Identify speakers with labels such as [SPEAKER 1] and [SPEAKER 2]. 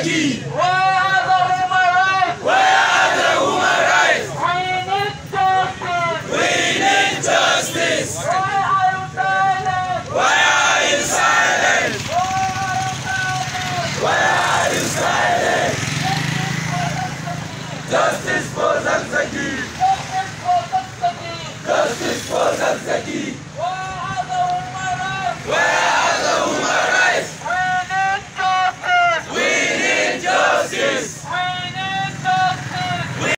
[SPEAKER 1] Hagi! Where are the human rights? Where are the human rights? We need justice! We need justice! Why are you silent? Why are you silent? Why are you silent? Justice for Zagzagi! justice.